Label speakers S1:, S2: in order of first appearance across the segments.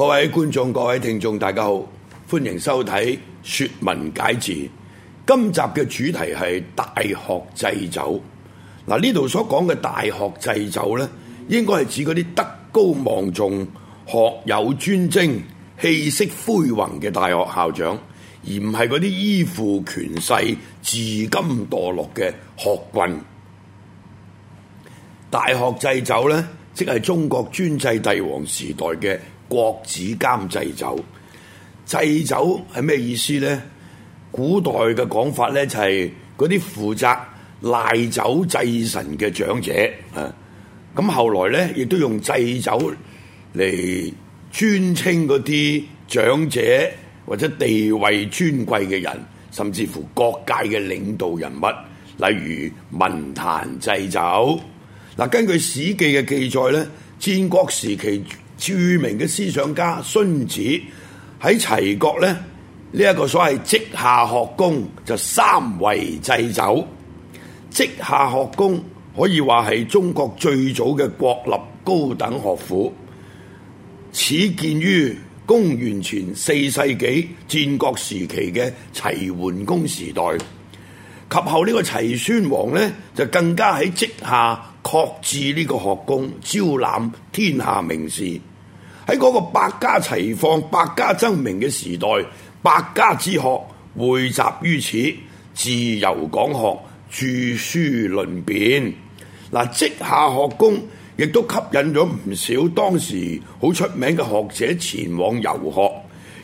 S1: 各位觀眾、各位聽眾，大家好，歡迎收睇《說文解字》。今集嘅主題係大學祭酒。嗱，呢度所講嘅大學祭酒咧，應該係指嗰啲德高望重、學有專精、氣息恢宏嘅大學校長，而唔係嗰啲依附權勢、自甘墮落嘅學棍。大學祭酒咧，即係中國專制帝王時代嘅。國子監祭酒，祭酒係咩意思呢？古代嘅講法呢，就係嗰啲負責賴酒祭神嘅長者啊！咁後來呢，亦都用祭酒嚟專稱嗰啲長者或者地位尊貴嘅人，甚至乎各界嘅領導人物，例如文壇祭酒。嗱、啊，根據《史記》嘅記載呢，戰國時期。著名嘅思想家孫子喺齊國呢，呢、這、一個所謂稷下學宮就三為祭酒。稷下學宮可以話係中國最早嘅國立高等學府，始建於公元前四世紀戰國時期嘅齊桓公時代。及後呢個齊宣王呢，就更加喺稷下擴置呢個學宮，招攬天下名士。喺嗰個百家齊放、百家爭鳴嘅時代，百家之學匯集於此，自由講學、著書論辯。嗱，稷下學宮亦都吸引咗唔少當時好出名嘅學者前往遊學。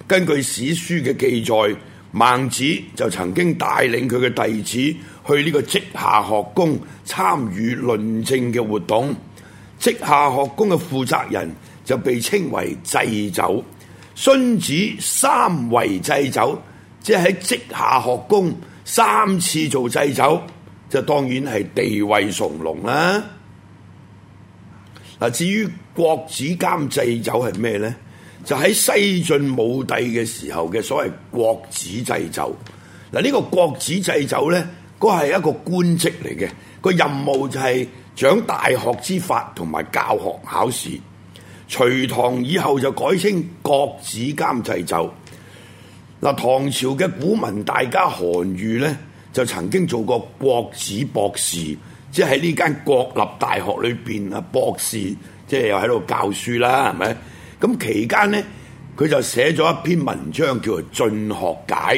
S1: 根據史書嘅記載，孟子就曾經帶領佢嘅弟子去呢個稷下學宮參與論證嘅活動。稷下學宮嘅負責人，就被稱為祭酒，荀子三為祭酒，即係喺稷下學宮三次做祭酒，就當然係地位崇隆啦。嗱，至於國子監祭酒係咩呢？就喺西晉武帝嘅時候嘅所謂國子祭酒。嗱，呢個國子祭酒呢，嗰係一個官職嚟嘅，個任務就係掌大學之法同埋教學考試。隋唐以後就改稱國子監祭酒。嗱，唐朝嘅古文大家韓愈呢，就曾經做過國子博士，即喺呢間國立大學裏邊啊博士，即係又喺度教書啦，係咪？咁期間呢，佢就寫咗一篇文章叫做《進學解》。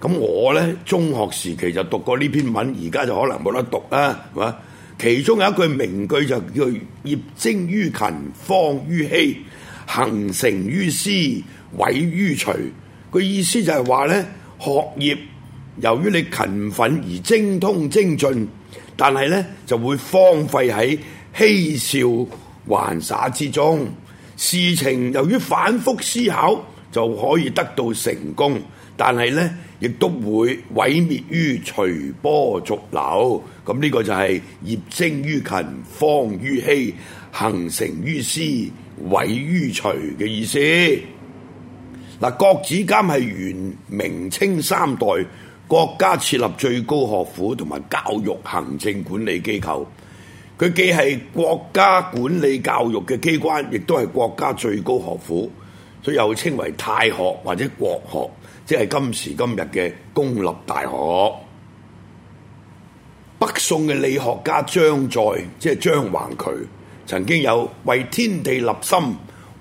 S1: 咁我呢，中學時期就讀過呢篇文，而家就可能冇得讀啦，係嘛？其中有一句名句就叫、是、業精於勤，荒於嬉，行成於思，毀於隨。個意思就係話咧，學業由於你勤奮而精通精進，但係咧就會荒廢喺嬉笑玩耍之中。事情由於反覆思考就可以得到成功。但係呢，亦都會毀滅於隨波逐流，咁呢個就係業精於勤，荒於嬉，行成於思，毀於隨嘅意思。嗱、呃，國子監係元、明清三代國家設立最高學府同埋教育行政管理機構，佢既係國家管理教育嘅機關，亦都係國家最高學府。所以又稱為太學或者國學，即係今時今日嘅公立大學。北宋嘅理學家張載，即係張橫渠，曾經有為天地立心，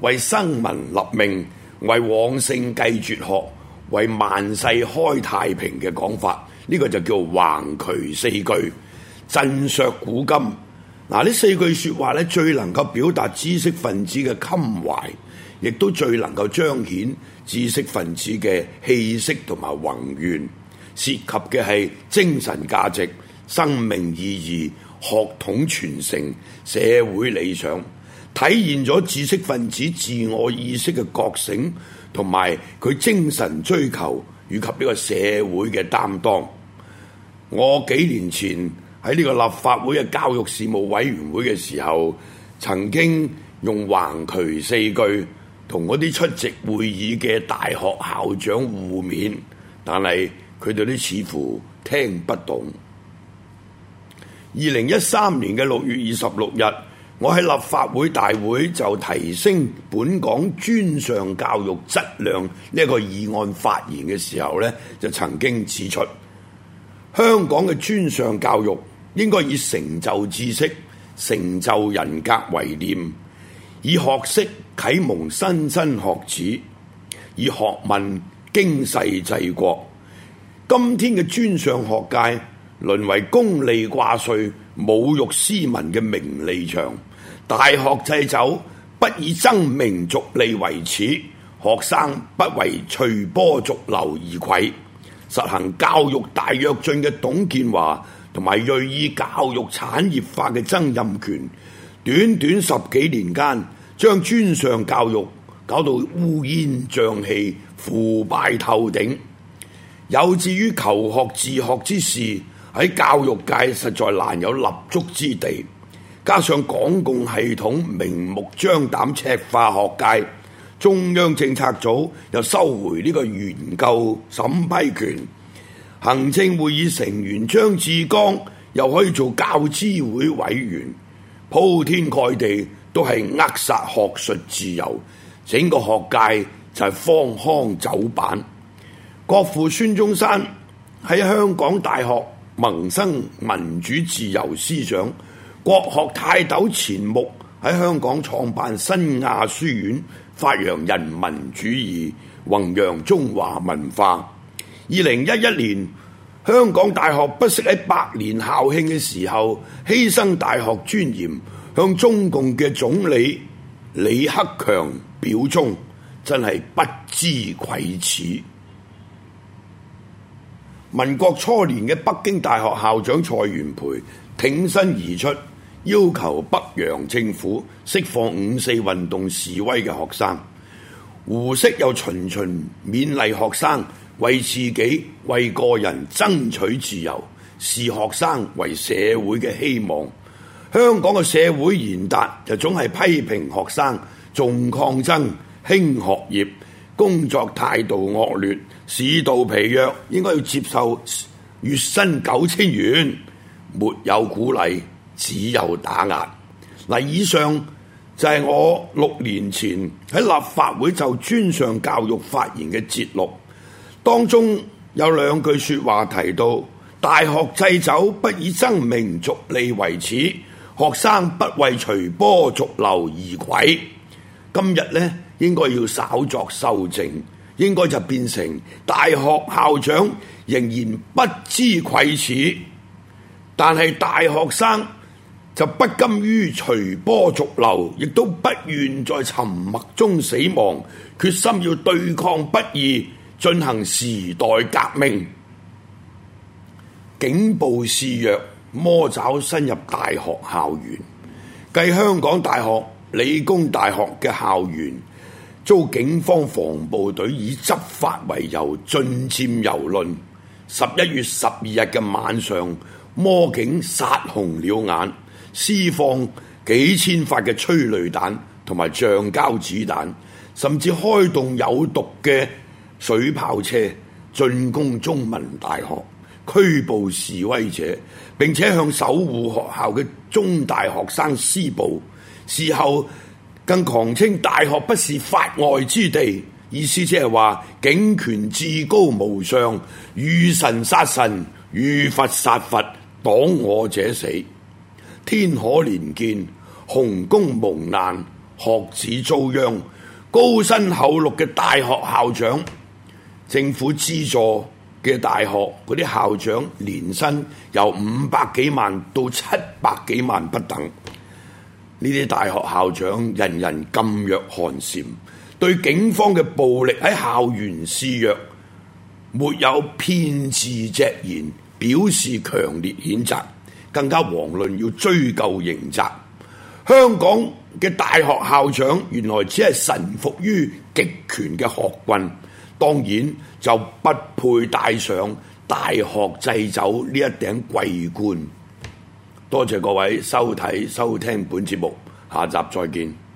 S1: 為生民立命，為往聖繼絕學，為萬世開太平嘅講法。呢、這個就叫做橫渠四句，震爍古今。嗱，呢四句説話咧，最能夠表達知識分子嘅襟懷。亦都最能夠彰顯知識分子嘅氣息同埋宏願，涉及嘅係精神價值、生命意義、學統傳承、社會理想，體現咗知識分子自我意識嘅覺醒，同埋佢精神追求，以及呢個社會嘅擔當。我幾年前喺呢個立法會嘅教育事務委員會嘅時候，曾經用橫渠四句。同嗰啲出席會議嘅大學校長互勉，但係佢哋都似乎聽不懂。二零一三年嘅六月二十六日，我喺立法會大會就提升本港專上教育質量呢一個議案發言嘅時候呢，就曾經指出，香港嘅專上教育應該以成就知識、成就人格為念。以學識啟蒙莘莘學子，以學問經世濟國。今天嘅專上學界，淪為功利掛帥、侮辱斯文嘅名利場。大學祭酒不以爭名逐利為恥，學生不為隨波逐流而愧。實行教育大躍進嘅董建華，同埋銳意教育產業化嘅曾蔭權。短短十幾年間，將專上教育搞到烏煙瘴氣、腐敗透頂，有志於求學自學之士喺教育界實在難有立足之地。加上港共系統明目張膽赤化學界，中央政策組又收回呢個研究審批權，行政會議成員張志剛又可以做教資會委員。鋪天蓋地都係扼殺學術自由，整個學界就係荒腔走板。國父孫中山喺香港大學萌生民主自由思想，國學泰斗錢穆喺香港創辦新亞書院，發揚人民主義，弘揚中華文化。二零一一年。香港大學不惜喺百年校慶嘅時候犧牲大學尊嚴，向中共嘅總理李克強表忠，真係不知愧恥。民國初年嘅北京大學校長蔡元培挺身而出，要求北洋政府釋放五四運動示威嘅學生，胡適又循循勉勵學生。為自己、為個人爭取自由，視學生為社會嘅希望。香港嘅社會言達就總係批評學生重抗爭、輕學業，工作態度惡劣、市道疲弱，應該要接受月薪九千元，沒有鼓勵，只有打壓。嗱，以上就係我六年前喺立法會就專上教育發言嘅節錄。當中有兩句說話提到：大學祭酒不以爭名逐利為恥，學生不為隨波逐流而愧。今日呢，應該要稍作修正，應該就變成大學校長仍然不知愧恥，但係大學生就不甘於隨波逐流，亦都不願在沉默中死亡，決心要對抗不義。進行時代革命，警暴肆虐，魔爪伸入大學校園，繼香港大學、理工大學嘅校園遭警方防暴隊以執法為由進佔蹂躪。十一月十二日嘅晚上，魔警殺紅了眼，施放幾千發嘅催淚彈同埋橡膠子彈，甚至開動有毒嘅。水炮車進攻中文大學，拘捕示威者，並且向守護學校嘅中大學生施暴。事後更狂稱大學不是法外之地，意思即係話警權至高無上，遇神殺神，遇佛殺佛，擋我者死。天可憐見，紅宮蒙難，學子遭殃，高薪厚祿嘅大學校長，政府資助嘅大學嗰啲校長年薪由五百幾萬到七百幾萬不等，呢啲大學校長人人噤若寒蟬，對警方嘅暴力喺校園肆虐，沒有片詞隻言，表示強烈譴責，更加遑論要追究刑責。香港嘅大學校長原來只係臣服於極權嘅學棍。當然就不配戴上大學祭酒呢一頂桂冠。多謝各位收睇收聽本節目，下集再見。